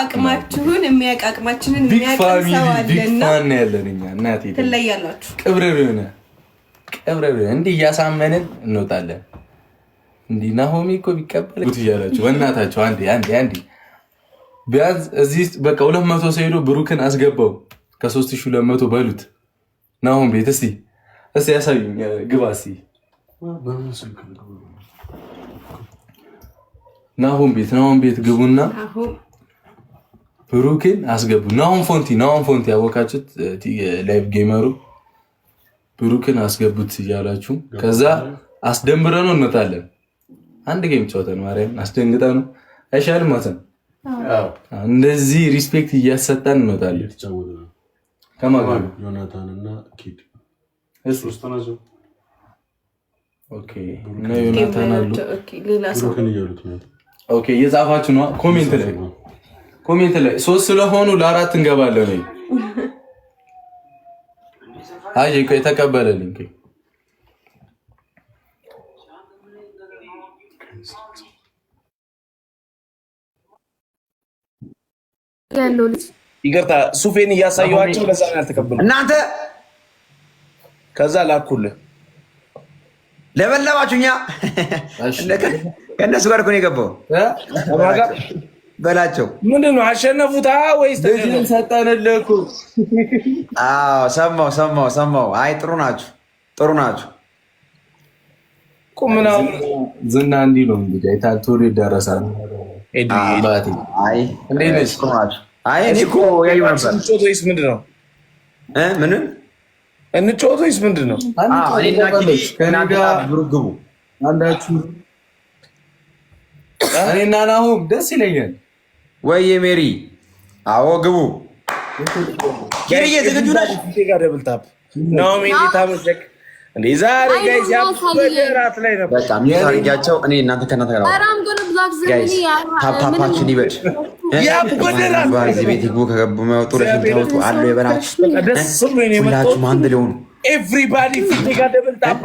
አቅማችሁ አቅማችሁን የሚያውቅ አቅማችንን የሚያውቅ ሰው አለና ያለን እኛ እናቴ ትለያላችሁ። ቅብርብ የሆነ ቅብርብ እንዲህ እያሳመንን እንወጣለን። እንዲ ናሆሚ እኮ ቢቀበል እያላችሁ በእናታችሁ አንዴ አንዴ አንዴ ቢያንስ እዚህ በቃ ሁለት መቶ ሰው ሄዶ ብሩክን አስገባው ከሶስት ሺ ሁለት መቶ በሉት። ናሆም ቤት እስቲ እስቲ ያሳዩኝ ግባ እስቲ ናሆም ቤት ናሆም ቤት ግቡና ብሩክን አስገቡ። ናሆም ፎንቲ ናሆም ፎንቲ ያወቃችሁት ላይቭ ጌመሩ ብሩክን አስገቡት እያላችሁ ከዛ አስደንብረ ነው እንመጣለን። አንድ ጌም ጨዋተን ማርያም አስደንግጠ ነው አይሻልም? ነው። እንደዚህ ሪስፔክት እያሰጠን እንመጣለን። ከማን ዮናታንና ኪድ ዮናታን አሉ። እየጻፋችሁ ነዋ ኮሜንት ላይ ኮሜንት ላይ ሶስት ስለሆኑ ለአራት እንገባለን። አይ ቆይ ተቀበለልኝ። ይቅርታ ሱፌን እያሳየኋቸው ለዛ ነው ያልተቀበሉ እናንተ። ከዛ ላኩልህ ለበላባችሁኛ እኛ ከእነሱ ጋር እኮ ነው የገባው በላቸው ምንድን ነው አሸነፉታ ወይስ አዎ ሰማው ሰማው ሰማው። አይ ጥሩ ናችሁ፣ ጥሩ ናችሁ። ቁምናው ዝና እንዲህ ነው እንግዲህ አይታቶሪ ይደረሳል። ምንም እንጮት ወይስ ምንድን ነው? አንዳችሁ እኔና ናሁም ደስ ይለኛል ወይ ሜሪ? አዎ ግቡ። ኬሪዬ ዝግጁ ነሽ? ዛሬ እኔ እናንተ ከእናንተ ጋር እዚህ ቤት ከገቡ አለ የበላችሁ አንድ ሊሆኑ ኤቭሪባዲ ደብል ታፕ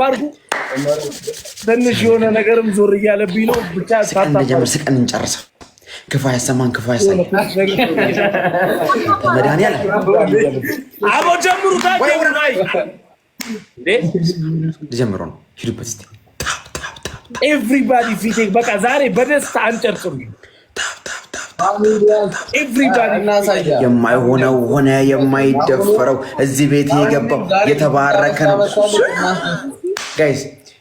ትንሽ የሆነ ነገርም ዞር እያለብኝ ነው። ብቻ ስቀን እንጨርሰው ክፉ ያሰማን፣ ክፉ ያሳየን። መድኃኒዓለም አቦ ጀምሩ፣ ጀምሮ ነው ሂዱበት። ኤቭሪባዲ ፊቴ በቃ ዛሬ በደስታ አንጨርስም። የማይሆነው ሆነ፣ የማይደፈረው እዚህ ቤት የገባው የተባረከ ነው ጋይስ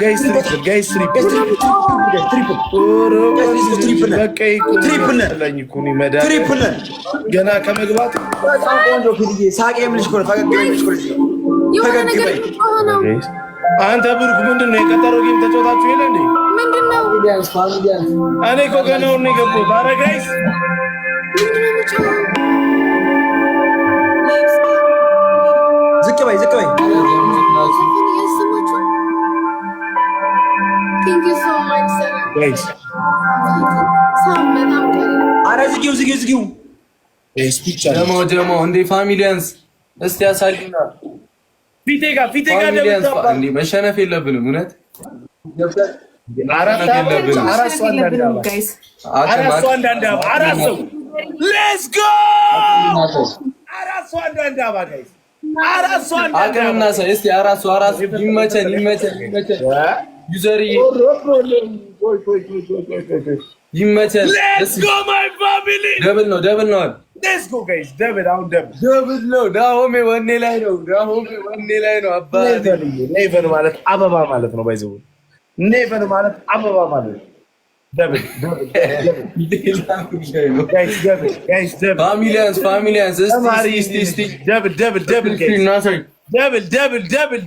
ጋይስ ትሪፕል ጋይስ ትሪፕል ትሪፕል ገና ከመግባት አንተ ብሩክ ምንድን ነው የቀጠሮ ጌም ተጫወታችሁ የለ እንዴ? እኔ እኮ ገናውን ነው የገባሁት። ኧረ ጋይስ ዝቅ በይ ዝቅ በይ አረ ዝጊው ዝጊው ዝጊው። ደሞ ደሞ እንደ ፋሚሊያንስ እስቲ ያሳዩና ፊቴ ጋር ፊቴ ጋር መሸነፍ የለብንም እውነት አራት ሰው አራት ይመቸን ይመቸን ይመቸን ዩዘርዬ ይመቸል። ደብል ነው ደብል ነው ደብል አሁን ደብል ነው። ዳሆሜ ወኔ ላይ ነው። ዳሆሜ ወኔ ላይ ነው። አባት ኔቨን ማለት አበባ ማለት ነው። ባይዘው ኔቨን ማለት አበባ ማለት ነው። ደብል ደብል ደብል ደብል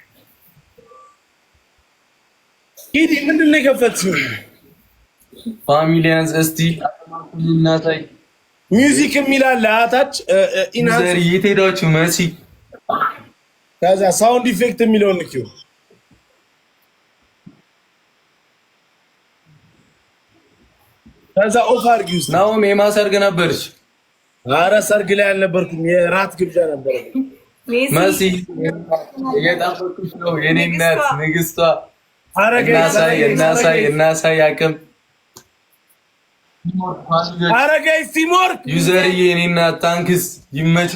ጌቴ ምንድን ነው የከፈትሽው? ፋሚሊያንስ እስቲ እናታይ። ሚውዚክ የሚል አታች ኢናንስ የት ሄዳችሁ መሲ? ከዛ ሳውንድ ኢፌክት የሚለውን ልኪው። ከዛ ኦፍ አድርጊው። እስኪ ናሆም የማሰርግ ነበርሽ? ኧረ ሰርግ ላይ አልነበርኩም፣ የራት ግብዣ ነበር መሲ የጣፈኩሽ ነው የኔ እናት ንግስቷ እናሳይ እናሳይ አቅም አረጋይ ሲሞር ዩዘርዬ እኔና ታንክስ ይመች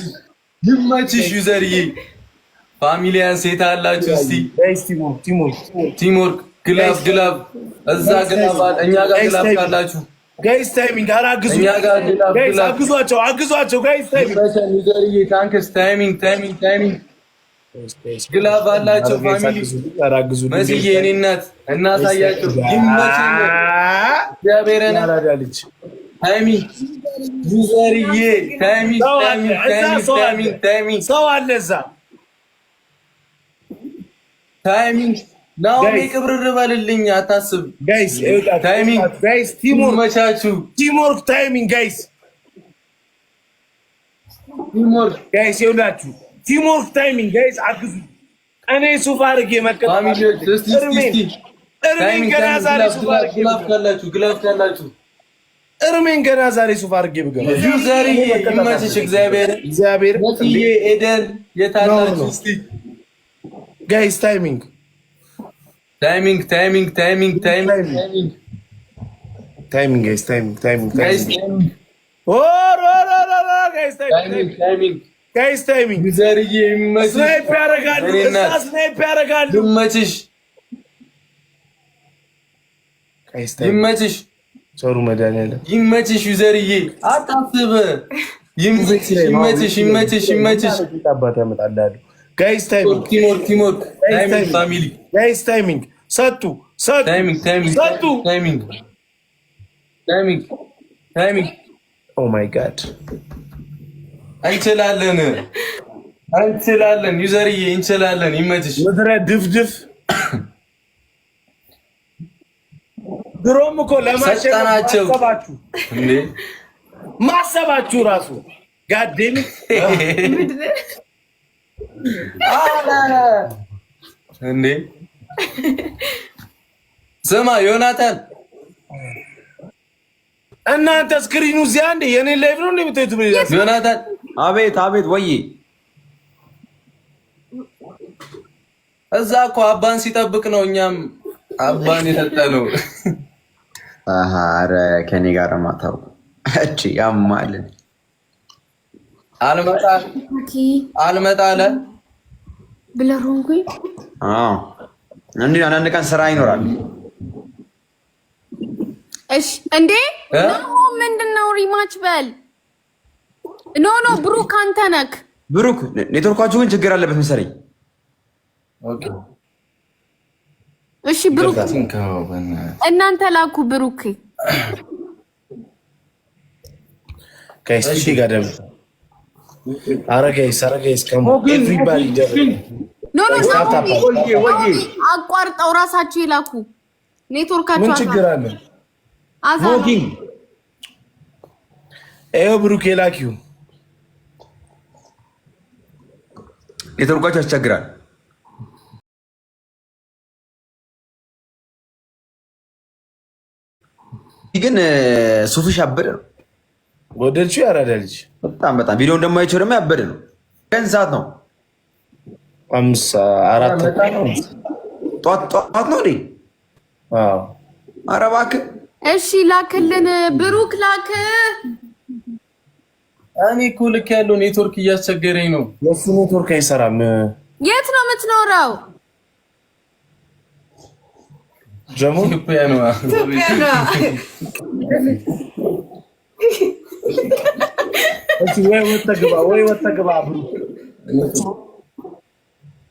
ይመችሽ ዩዘርዬ ፋሚሊያን ሴት አላችሁ። እስቲ ቲሞርክ ግላብ ግላብ እዛ ግላብ እኛ ጋር ግላብ ካላችሁ ጋይስ ታይሚንግ ኧረ አግዟቸው አግዟቸው ጋይስ ታይሚንግ ዩዘርዬ ታንክስ ታይሚንግ ታይሚንግ ታይሚንግ ግላብ አላቸው ፋሚሊ መስዬ እኔ እናት እናሳያቸው። ይመች እግዚአብሔርን ታይሚ ዩዘርዬ ታይሚ ሰው አለ እዛ ቅብርር በልልኝ አታስብ። ጋይስ ታይሚንግ ጋይስ ቲሞር ቲሞር ታይሚንግ ጋይስ ቲሞር ጋይስ ይውላችሁ ቲምወርክ ታይሚንግ ጋይስ አግዙ። እኔ ሱፍ አድርጌ መቀጣሚ እርሜን ገና ዛሬ ሱፍ አድርጌ እርሜን ገና ዛሬ ሱፍ አድርጌ ብገባ ዩዘር ይመችሽ። እግዚአብሔር እግዚአብሔር ኤደን የታላችሁ እስቲ ጋይስ ታይሚንግ ታይሚንግ ታይሚንግ ታይሚንግ ታይሚንግ ታይሚንግ ጋይስ ታይሚንግ ታይሚንግ ታይሚንግ ጋይስ ታይሚንግ ጋይስ ታይሚንግ ዘርዬ ይመችሽ። ስናይፕ ያደርጋል እዛ ስናይፕ ያደርጋል። ይመችሽ ይመችሽ። ዞሩ መድኃኒዓለም ይመችሽ። ዘርዬ አታስብ። ይመችሽ ይመችሽ ይመችሽ። አባት ያመጣልሃል። ጋይስ ታይሚንግ ቲሞር ቲሞር ታይሚንግ ፋሚሊ ጋይስ ታይሚንግ ሰጡ ሰጡ ሰጡ ታይሚንግ ታይሚንግ ታይሚንግ ኦ ማይ ጋድ እንችላለን፣ እንችላለን፣ ዩዘርዬ እንችላለን። ይመችሽ። ምድረ ድፍድፍ ድሮም እኮ ለማሰጣናቸው ማሰባችሁ ራሱ ጋዴም እንዴ ስማ ዮናታን፣ እናንተ ስክሪኑ እዚያ እንዴ የኔ ላይፍ ነው እንዴ የምትሄዱ ዮናታን አቤት አቤት፣ ወይ እዛ እኮ አባን ሲጠብቅ ነው። እኛም አባን የሰጠ ነው። አረ ከኔ ጋር ማታው እቺ ያማል። አልመጣ አልመጣ አለ ብለህ ሆንኩኝ። አዎ እንዴ አንዳንድ ቀን ስራ ይኖራል። እሺ እንዴ ነው ምንድነው? ሪማች በል ኖ ኖ ብሩክ አንተ ነክ ብሩክ ኔትወርኳችሁ ግን ችግር አለበት መሰለኝ። እሺ ብሩክ እናንተ ላኩ ብሩክ ከስፒቲ ጋር አቋርጠው ራሳችሁ ይላኩ። ኔትወርካችሁ ምን ችግር አለ? ብሩክ የላኪው ኔትወርኳቸው ያስቸግራል። ግን ሱፍሽ አበደ ነው። ወደልቹ ያራዳ ልጅ በጣም በጣም ቪዲዮ እንደማይቸው ደግሞ ያበደ ነው። ቀን ሰዓት ነው ጠዋት ነው። ኧረ እባክህ እሺ ላክልን ብሩክ ላክ እኔ እኮ ልክ ያለው ኔትወርክ እያስቸገረኝ ነው። የሱ ኔትወርክ አይሰራም። የት ነው የምትኖረው? ጀሞ ኢትዮጵያ ነው።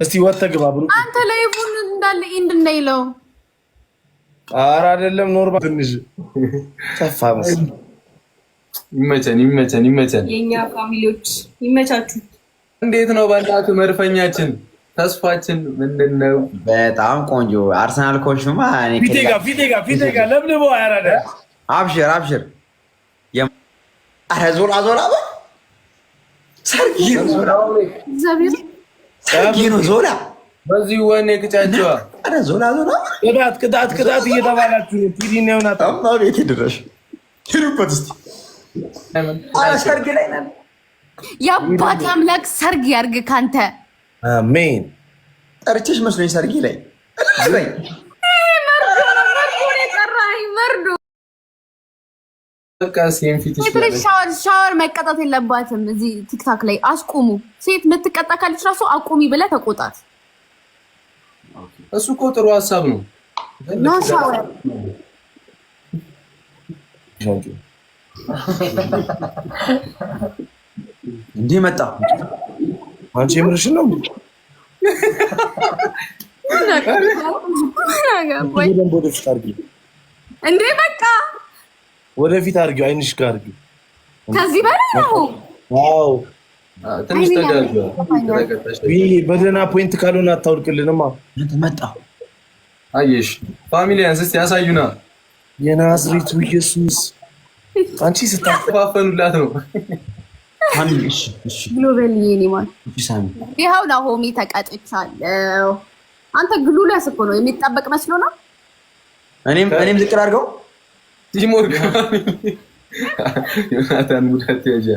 እስቲ ወጥተህ ግባ ብሩ። አንተ ላይ ቡን እንዳለ ኢንድ ኧረ አይደለም ኖርማል ትንሽ ጠፋ መሰለኝ ይመቸን ይመቸን ይመቸን። የኛ ፋሚሊዎች ይመቻችሁ። እንዴት ነው በእናቱ መርፈኛችን ተስፋችን ምንድን ነው? በጣም ቆንጆ አርሰናል ኮች ነው። ለምልቦ ያራደ አብሽር አብሽር። ኧረ ዞላ ዞላ ሰርጊ ነው ዞላ በዚህ ወኔ ቅጫቸዋ ዞላ ዞላ ቅጣት ቅጣት ቅጣት እየተባላችሁ ሂዱበት እስኪ ሰርግ ላይ ነን። የአባት አምላክ ሰርግ ያርግ ካንተ። አሜን። ጠርቼሽ መስሎኝ ሰርግ ላይ ሻወር መቀጣት የለባትም። እዚህ ቲክታክ ላይ አስቁሙ። ሴት የምትቀጣ ካለች ራሱ አቁሚ ብለህ ተቆጣት። እሱ እኮ ጥሩ ሀሳብ ነው። እንዲህ መጣ። አንቺ የምርሽን ነው? እንዴ በቃ ወደፊት አድርጊው፣ አይንሽ ጋር አርጊ። ከዚህ በላይ ነው። አዎ ትንሽ ተጋጋ። በደህና ፖይንት ካልሆነ አታውልቅልንማ። መጣ አየሽ። ፋሚሊያንስ እስኪ ያሳዩና የናዝሬቱ ኢየሱስ አንቺ ስታፈፋፈኑላት ነው። ግሎበል በል የኔ ማለት ይኸው ናሆሚ ተቀጥቻለሁ። አንተ ግሉ ለስ እኮ ነው የሚጠበቅ መስሎ ነው። እኔም እኔም ዝቅር አድርገው ቲሞርጋ ዮናታን ጉዳት ያዣ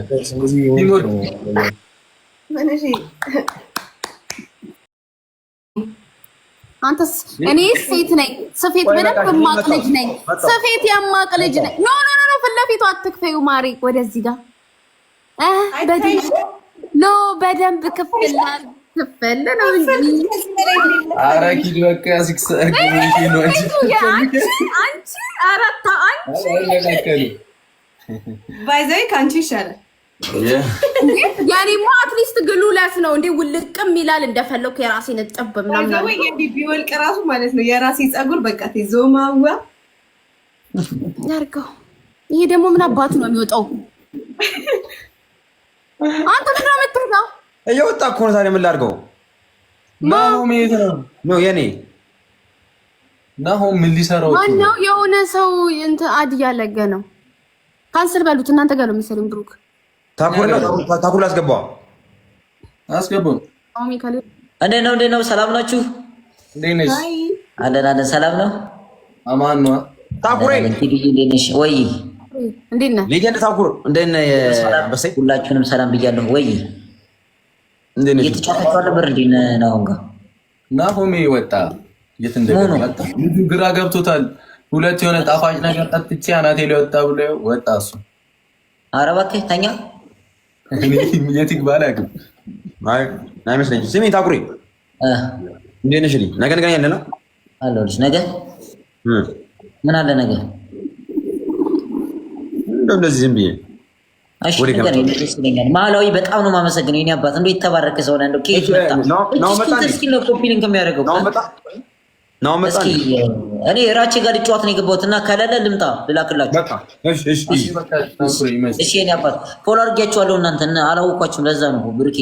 ቲሞርጋ አንተስ እኔ ሴት ነኝ ስፌት ምንም የማቅ ልጅ ነኝ ስፌት የማቅ ልጅ ነኝ ኖ ኖ ፊት ለፊቱ አትክፈዩ ማሪ፣ ወደዚህ ጋር ኖ በደንብ ክፍል ክፍል ነው እንጂ ኧረ ሲክስ አንቺ አንቺ ባይዘይ ያኔማ አትሊስት ግሉለት ነው እንዴ ውልቅም ይላል። እንደፈለኩ የራሴን እጥብ ምናምን ማለት ነው የራሴ ፀጉር በቃ ዞማዋ ያርገው ይሄ ደግሞ ምን አባቱ ነው የሚወጣው? አንተ ምን ነው እየወጣ እኮ ነው። ታዲያ ምን ላድርገው? ነው ነው የኔ ናሆም ምን ሊሰራው ነው? የሆነ ሰው እንትን አድ እያለገ ነው። ካንስል በሉት እናንተ ጋር ነው መሰለኝ። ብሩክ ታኩር አስገባው አስገባው። እንዴት ነው እንዴት ነው? ሰላም ናችሁ? እንዴት ነሽ? አለን አለን። ሰላም ነው። አማን ነው። ታኩሬ እንዴት ነሽ? ወይ ሌጀንድ ታኩር እንደነ በሰይ ሁላችሁንም ሰላም ብያለሁ። ወይ እየተጫወታችሁ ነበር እንዴ? ናሆም ናሆሜ ወጣ። የት እንደመጣ ግራ ገብቶታል። ሁለት የሆነ ጣፋጭ ነገር ጠጥቼ አናቴ ላይ ብሎ ወጣ። እሱ ኧረ እባክህ ተኛ። የት ይግባ አላውቅም። አይ አይመስለኝም። ስሜ ታኩሪ እንዴት ነሽ? ነገ ነገ ያለ ነው አለ። ነገ ምን አለ ነገ እንደው እንደዚህ ዝም ብዬ ማላዊ በጣም ነው የማመሰግነው። የእኔ አባት እንደው የተባረከ ሰው ነው። ኬት ነው ኮፒሊንግ የሚያደርገው እኔ ራቼ ጋር ጨዋት ነው የገባሁት እና ከሌለ ልምጣ ልላክላችሁ። እሺ የእኔ አባት ፎሎ አድርጌያችኋለሁ። እናንተ አላወኳችሁም። ለዛ ነው ብርኬ